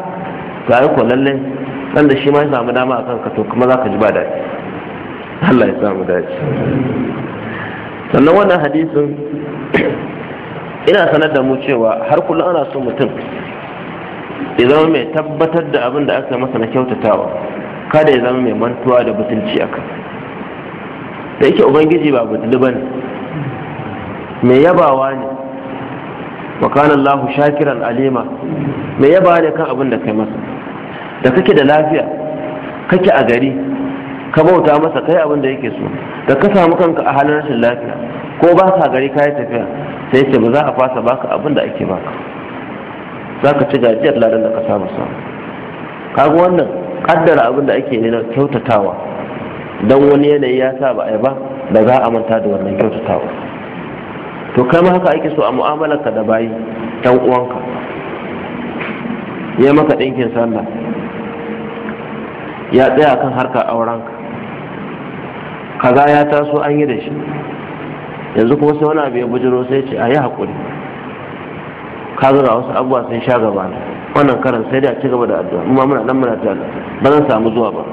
ga ko lallai sanda shi ma ya samu dama a kanka to kuma za ka ji ba daɗi Allah ya samu daji. sannan wannan hadisin ina sanar da mu cewa har kullum ana so mutum ya zama mai tabbatar da abin da aka masa na kyautatawa kada ya zama mai mantuwa da butulci a kan da yake ubangiji ba butulu ba ne mai yabawa ne wa kana shakiran alima mai yabawa ne kan abin da kai masa da kake da lafiya kake a gari ka bauta masa kai abin da yake so da ka samu kanka a halin rashin lafiya ko ba ka gari ka yi tafiya sai ce ba za a fasa baka abin da ake baka za ka ci gajiyar ladan da ka samu samu kaga wannan kaddara abin da ake na kyautatawa don wani yanayi ya sa ba a yi ba da za a manta da wannan kyautatawa to kai ma haka ake so a mu'amalarka da bayi dan uwanka ya maka ɗinkin sallah ya tsaya kan harkar aurenka kaza ya taso an yi da shi yanzu kuma sai wani abu ya bujiro sai ce a yi haƙuri ka ga wasu abubuwa sun sha gaba na wannan karan sai dai a ci gaba da addu'a amma muna nan muna tare ba zan samu zuwa ba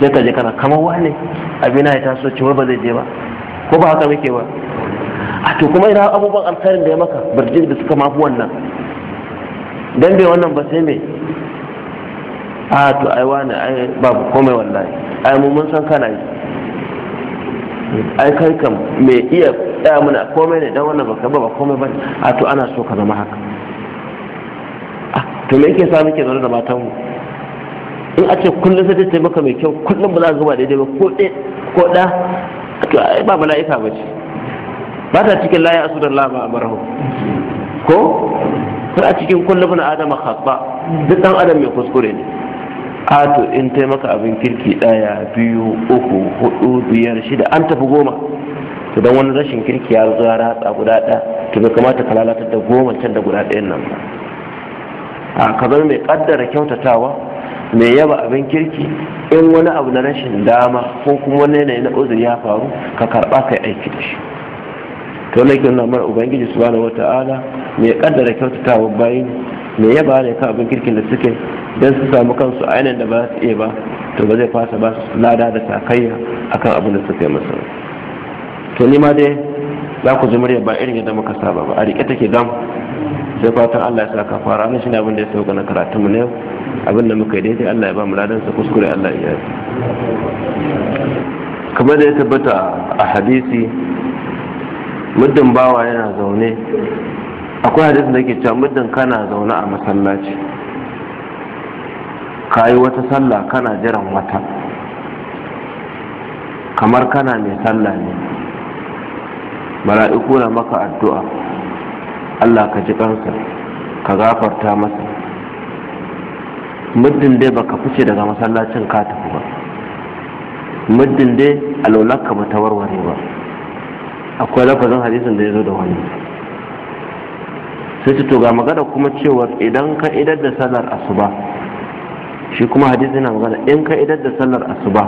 sai ka je kana kamar wane abin ya taso ce wai ba zai je ba ko ba haka muke ba a to kuma ina abubuwan alkhairin da ya maka birjin da suka mafi wannan dan bai wannan ba sai me a to ai wani ai babu komai wallahi ai mu mun san kana yi ai kai kam me iya tsaya mana komai ne dan wannan baka ba komai ba a to ana so ka zama haka ah, to me yake sa muke zaune da matan mu in a ce kullum sai ta maka mai kyau kullum ba za ka zuba daidai ba ko ɗe ko ɗa to ai ba mala'ika ba ce ba ta cikin layi asudar lama a marahu ko sai a cikin kullum na adama khasba duk dan adam mai kuskure ne ato in ta maka abin kirki ɗaya biyu uku hudu biyar shida an tafi goma to don wani rashin kirki ya zuwa ratsa guda ɗaya to bai kamata ka lalata da goma can da guda ɗayan nan a ka zama mai ƙaddara kyautatawa mai yaba abin kirki in wani abu na rashin dama ko kuma wani yanayi na uzuri ya faru ka karɓa ka yi aiki da shi to nake na mana ubangiji subhanahu wata'ala mai kaddara kyautatawa bayin me ya ba ne kan abin kirkin da suke don su samu kansu a yanayin da ba su iya ba to ba zai fasa ba su lada da sakayya akan abin da suka yi masa to ni ma dai za ku ji murya ba irin yadda muka saba ba a rike take gam sai fatan Allah ya saka fara ne shine abin da ya sauka na karatun mu ne abin da muka yi daidai Allah ya ba mu ladan sa kuskure Allah ya yi kamar da ya tabbata a hadisi muddin bawa yana zaune akwai hadisi da ke cewa muddin kana zaune a masallaci ka yi wata sallah kana jiran wata kamar kana mai sallah ne mala'iku na maka addu'a allah ka ji kansa ka gafarta masa muddin dai baka fice daga masallacin ka tafi ba muddin dai alaularka ba ta warware ba akwai lafazin hadisin da ya zo da wani sai ta toga magana kuma cewa idan ka idar da sallar asuba shi kuma hadisi yana magana in ka idar da sallar asuba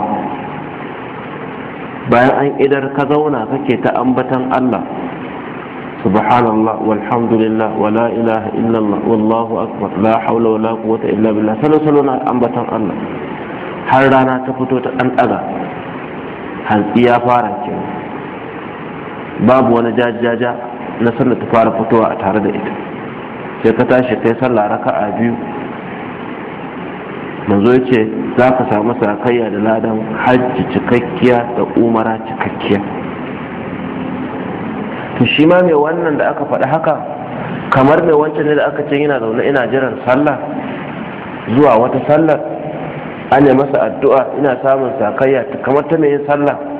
bayan an idar ka zauna kake ta ambatan Allah subhanallah walhamdulillah wa la ilaha illallah wallahu akbar la hawla wa la quwwata illa billah salo salo na ambatan Allah har rana ta fito ta dan daga hantsi ya fara kenan babu wani jajaja na sallar ta fara fitowa a tare da ita sai ka tashi kai sallah raka'a biyu manzo ya ce za ka samu sakayya da ladan hajji cikakkiya da umara cikakkiya to shi ma mai wannan da aka faɗi haka kamar mai wancan ne da aka ce yana zaune ina jiran sallah zuwa wata sallar an yi masa addu'a ina samun sakayya kamar ta mai yin sallah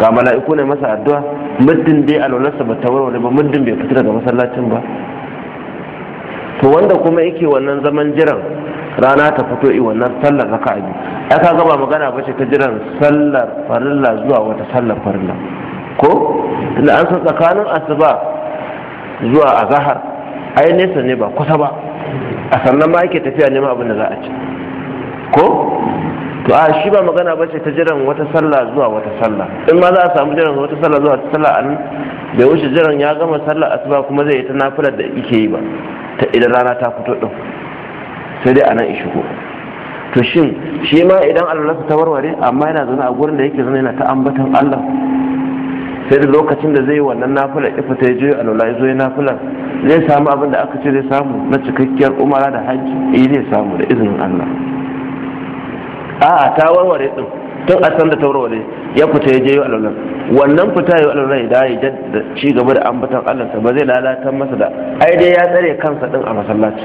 ga mala'iku ne masa addu'a muddin dai alwalarsa ba ta warware ba muddin bai fita daga masallacin ba to wanda kuma yake wannan zaman jiran rana ta fito i wannan sallar raka'a biyu ya ka gaba magana ba ce ta jiran sallar farilla zuwa wata sallar farilla ko da an san tsakanin asuba zuwa azahar ai nesa ne ba kusa ba a sannan ma ake tafiya neman abin da za a ci ko to a shi ba magana ba ce ta jiran wata sallah zuwa wata sallah in ma za a samu jiran wata sallah zuwa wata sallah an bai wuce jiran ya gama sallah asuba kuma zai yi ta nafilar da yake yi ba ta idan rana ta fito din sai dai anan shigo to shin shi ma idan Allah ta warware amma yana zaune a gurin da yake zaune yana ta ambatan Allah sai da lokacin da zai yi wannan nafilar ifa ta je alwala ya zo ya nafilar zai samu abin da aka ce zai samu na cikakkiyar umara da hajji eh zai samu da izinin Allah a'a ta warware din tun a san da ta warware ya fita ya je yi wannan fita ya yi ya da ya ci gaba da ambatan Allah ba zai lalata masa da ai dai ya tsare kansa din a masallaci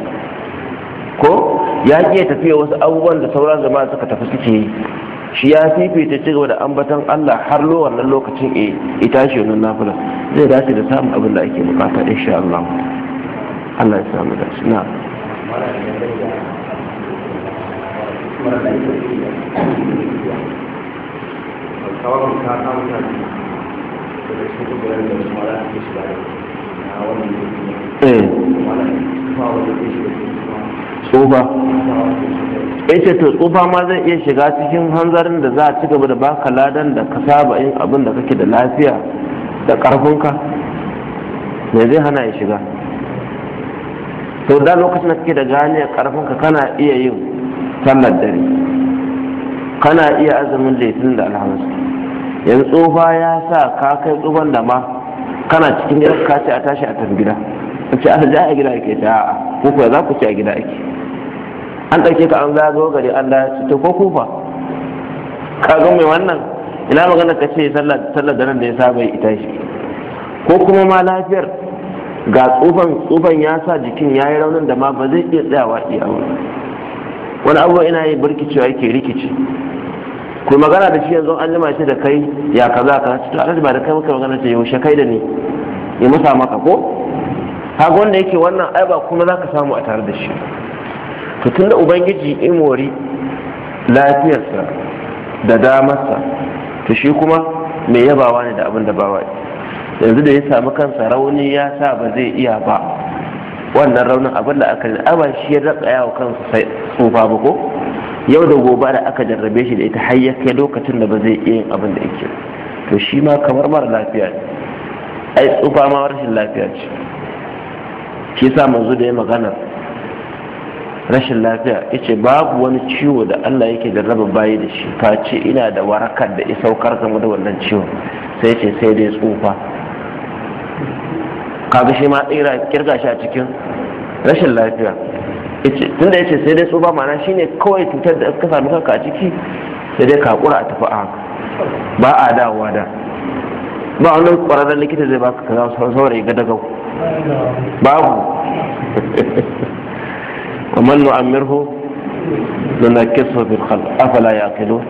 ko ya ke tafiya wasu abubuwan da sauran jama'a suka tafi suke yi shi ya fifita ci gaba da ambatan Allah har lo wannan lokacin e eh, ita shi wannan nafila zai dace da samun abin da ake bukata insha Allah Allah ya samu dace na mara lafiya ta tsufa ma zai iya shiga cikin hanzarin da za a ci gaba da baka ladan da ka saba yin abin da kake da lafiya da karfinka me zai hana ya shiga to da lokacin da kake da gane karfinka kana iya yin sallar dare kana iya azumin laifin da alhamis yanzu tsofa ya sa ka kai tsohon da ma kana cikin gidan ka ce a tashi a tafi gida a ce a ah, ja a gida ake ta a'a ko kuwa za ku ce a gida ake an ɗauke ka an zagayo gari an da ci ta ko kufa ka zo mai wannan ina magana ka ce sallar daren da ya saba ita shi ko kuma ma lafiyar ga tsufan tsufan ya sa jikin ya yi raunin da ma ba zai iya tsayawa iya wani wani abubuwa ina yi birkicewa yake rikici ku magana da shi yanzu an lima shi da kai ya kaza ka to alhaji ba da kai muka magana ce yaushe kai da ni ya musa maka ko kaga wanda yake wannan ai ba kuma ka samu a tare da shi to tun da ubangiji imori lafiyarsa da damarsa to shi kuma mai yabawa ne da abin da bawa yanzu da ya samu kansa rauni ya sa ba zai iya ba wannan raunin abin da aka aba shi ya raka yawo kansa sai tsufa ba ko yau da gobe da aka jarrabe shi da ita har ya kai lokacin da ba zai iya yin abin da yake to shi ma kamar mara lafiya ne ai tsufa ma rashin lafiya ce shi sa manzo da ya magana rashin lafiya ce, babu wani ciwo da Allah yake jarraba bayi da shi face ina da warakar da isaukar game da wannan ciwon sai ce sai dai tsufa kaga shi ma tsira kirga shi a cikin rashin lafiya Tun tunda yace sai dai tsoba ma'ana shine kawai cutar da ka sami kanka a ciki sai dai kakura a tafi a haka ba a dawowa da ba wani kwararren likita zai baka kaza saurayi ga dagau babu ومن نعمره ننكسه في afala ya kilo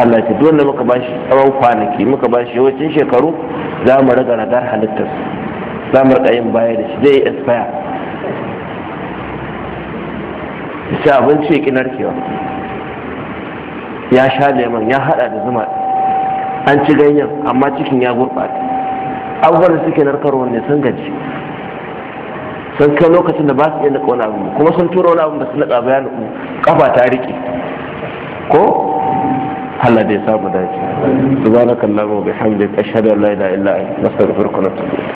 Allah ce duk wanda muka bashi tsawon kwanaki muka bashi yawancin shekaru za mu raga ragar halittarsa za mu yin baya da shi zai yi expire sai abinci ya ƙi narkewa ya sha lemon ya haɗa da zuma an ci ganyen amma cikin ya gurɓata abubuwan da suke narkarwa ne sun gaji sun kai lokacin da ba su iya naƙa wani abu kuma sun tura wani abu da su naƙa bayan kafa ta riƙe ko Allah da ya samu dace subhanakallahumma wa bihamdika ashhadu an la ilaha illa anta astaghfiruka wa atubu